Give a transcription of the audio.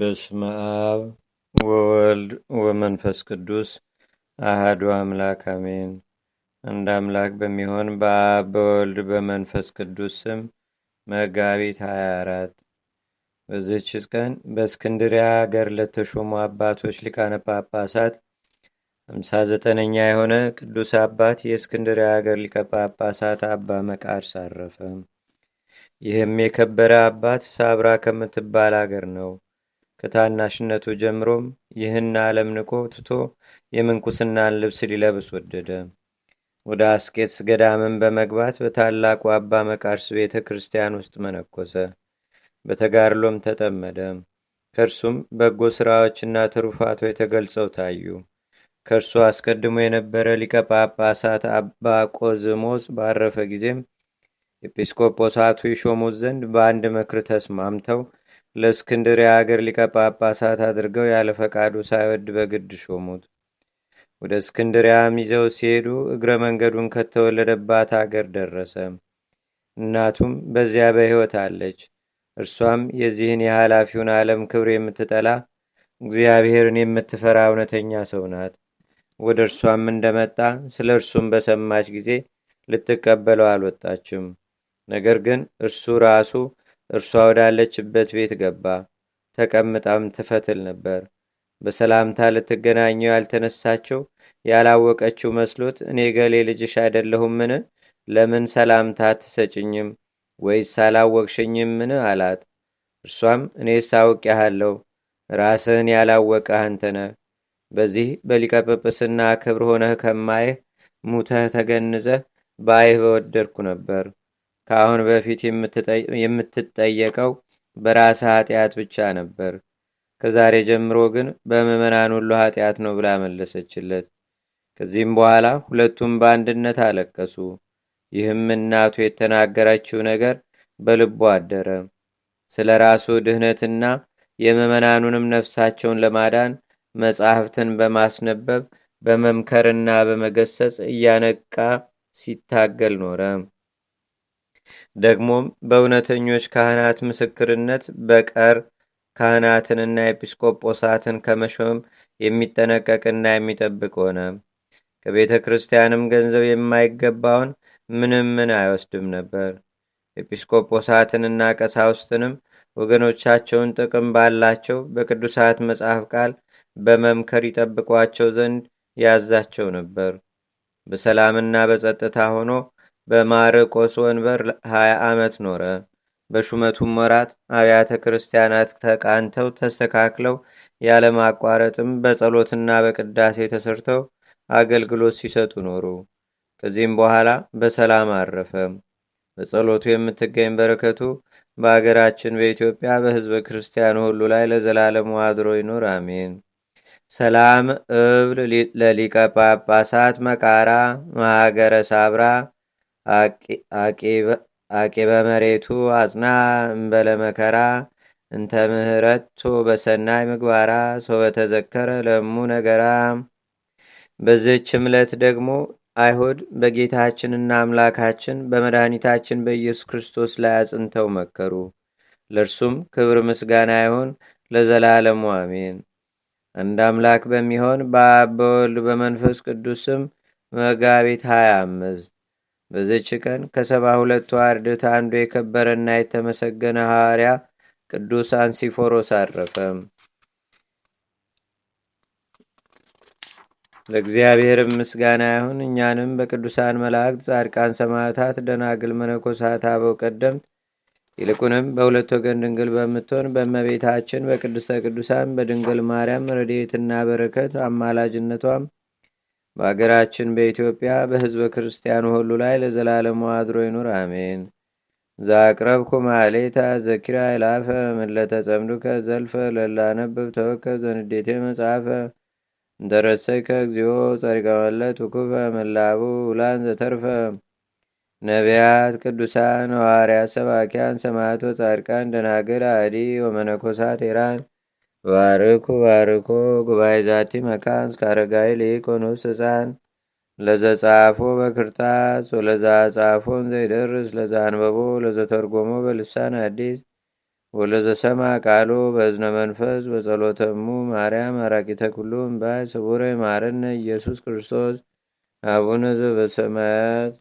በስመ አብ ወወልድ ወመንፈስ ቅዱስ አህዱ አምላክ አሜን። አንድ አምላክ በሚሆን በአብ በወልድ በመንፈስ ቅዱስ ስም መጋቢት 24 በዚህች ቀን በእስክንድሪያ ሀገር ለተሾሙ አባቶች ሊቃነ ጳጳሳት 59 ዘጠነኛ የሆነ ቅዱስ አባት የእስክንድሪያ ሀገር ሊቀ ጳጳሳት አባ መቃርስ ሳረፈ ይህም የከበረ አባት ሳብራ ከምትባል አገር ነው። ከታናሽነቱ ጀምሮም ይህን ዓለም ንቆ ትቶ የምንኩስናን ልብስ ሊለብስ ወደደ። ወደ አስቄትስ ገዳምን በመግባት በታላቁ አባ መቃርስ ቤተ ክርስቲያን ውስጥ መነኮሰ። በተጋድሎም ተጠመደ። ከእርሱም በጎ ሥራዎችና ትሩፋቶ የተገልጸው ታዩ። ከእርሱ አስቀድሞ የነበረ ሊቀ ጳጳሳት አባ ቆዝሞስ ባረፈ ጊዜም ኤጲስቆጶሳቱ ይሾሙት ዘንድ በአንድ ምክር ተስማምተው ለእስክንድርያ አገር ሊቀ ጳጳሳት አድርገው ያለ ፈቃዱ ሳይወድ በግድ ሾሙት። ወደ እስክንድሪያም ይዘው ሲሄዱ እግረ መንገዱን ከተወለደባት አገር ደረሰ። እናቱም በዚያ በሕይወት አለች። እርሷም የዚህን የኃላፊውን ዓለም ክብር የምትጠላ እግዚአብሔርን የምትፈራ እውነተኛ ሰው ናት። ወደ እርሷም እንደመጣ ስለ እርሱም በሰማች ጊዜ ልትቀበለው አልወጣችም። ነገር ግን እርሱ ራሱ እርሷ ወዳለችበት ቤት ገባ። ተቀምጣም ትፈትል ነበር። በሰላምታ ልትገናኘው ያልተነሳችው ያላወቀችው መስሎት እኔ ገሌ ልጅሽ አይደለሁምን? ለምን ሰላምታ ትሰጭኝም? ወይስ ምን አላት። እርሷም እኔ ሳውቅ ያሃለው ራስህን ያላወቀ አንተነ በዚህ በሊቀጵጵስና ክብር ሆነህ ከማየህ ሙተህ ተገንዘህ በአይህ በወደድኩ ነበር። ከአሁን በፊት የምትጠየቀው በራስ ኃጢአት ብቻ ነበር። ከዛሬ ጀምሮ ግን በምዕመናን ሁሉ ኃጢአት ነው ብላ መለሰችለት። ከዚህም በኋላ ሁለቱም በአንድነት አለቀሱ። ይህም እናቱ የተናገረችው ነገር በልቦ አደረ። ስለ ራሱ ድህነትና የምዕመናኑንም ነፍሳቸውን ለማዳን መጻሕፍትን በማስነበብ በመምከርና በመገሰጽ እያነቃ ሲታገል ኖረ። ደግሞም በእውነተኞች ካህናት ምስክርነት በቀር ካህናትንና ኤጲስቆጶሳትን ከመሾም የሚጠነቀቅና የሚጠብቅ ሆነ። ከቤተ ክርስቲያንም ገንዘብ የማይገባውን ምንም ምን አይወስድም ነበር። ኤጲስቆጶሳትንና ቀሳውስትንም ወገኖቻቸውን ጥቅም ባላቸው በቅዱሳት መጽሐፍ ቃል በመምከር ይጠብቋቸው ዘንድ ያዛቸው ነበር። በሰላምና በጸጥታ ሆኖ በማርቆስ ወንበር 20 ዓመት ኖረ። በሹመቱም ወራት አብያተ ክርስቲያናት ተቃንተው ተስተካክለው ያለማቋረጥም በጸሎትና በቅዳሴ ተሰርተው አገልግሎት ሲሰጡ ኖሩ። ከዚህም በኋላ በሰላም አረፈ። በጸሎቱ የምትገኝ በረከቱ በአገራችን በኢትዮጵያ በሕዝበ ክርስቲያኑ ሁሉ ላይ ለዘላለሙ አድሮ ይኑር፣ አሜን። ሰላም እብል ለሊቀ ጳጳሳት መቃራ ማሀገረ ሳብራ አቄበመሬቱ አጽና መከራ እንተ ምህረቱ በሰናይ ምግባራ በተዘከረ ለሙ ነገራ በዚህች ዕለት ደግሞ አይሁድ በጌታችንና አምላካችን በመድኃኒታችን በኢየሱስ ክርስቶስ ላይ አጽንተው መከሩ ለእርሱም ክብር ምስጋና ይሁን ለዘላለሙ አሜን አንድ አምላክ በሚሆን በአብ በወልድ በመንፈስ ቅዱስም መጋቢት 25 በዚች ቀን ከሰባ ሁለቱ አርድት አንዱ የከበረና የተመሰገነ ሐዋርያ ቅዱስ አንሲፎሮስ አረፈ። ለእግዚአብሔር ምስጋና ይሁን። እኛንም በቅዱሳን መላእክት፣ ጻድቃን፣ ሰማዕታት፣ ደናግል፣ መነኮሳት፣ አበው ቀደምት ይልቁንም በሁለት ወገን ድንግል በምትሆን በመቤታችን በቅድስተ ቅዱሳን በድንግል ማርያም ረድኤትና በረከት አማላጅነቷም በአገራችን በኢትዮጵያ በሕዝበ ክርስቲያኑ ሁሉ ላይ ለዘላለም አድሮ ይኑር፣ አሜን። ዛቅረብኩ ማሌታ ዘኪራ ይላፈ ምለተ ጸምዱከ ዘልፈ ለላነብብ ተወከብ ዘንዴቴ መጽሐፈ እንተረሰይከ እግዚኦ ጸሪቀ መለት ውኩፈ መላቡ ውላን ዘተርፈ ነቢያት፣ ቅዱሳን፣ ሐዋርያት፣ ሰባኪያን፣ ሰማዕቶ፣ ጻድቃን፣ ደናግል፣ አዲ ወመነኮሳት ኢራን ባርኩ ባርኩ ጉባኤ ዛቲ መካን እስከ አረጋዊ ሊቆኑ ስሳን ለዘጻፎ በክርታስ ወለዛ ጻፎን ዘይደርስ ለዛ አንበቦ ለዘተርጎሞ በልሳን አዲስ ወለዘሰማ ቃሎ በዝነ መንፈስ በጸሎተሙ ማርያም አራቂተ ኩሉም ባይ ስቡረ ማረነ ኢየሱስ ክርስቶስ አቡነ ዘበሰማያት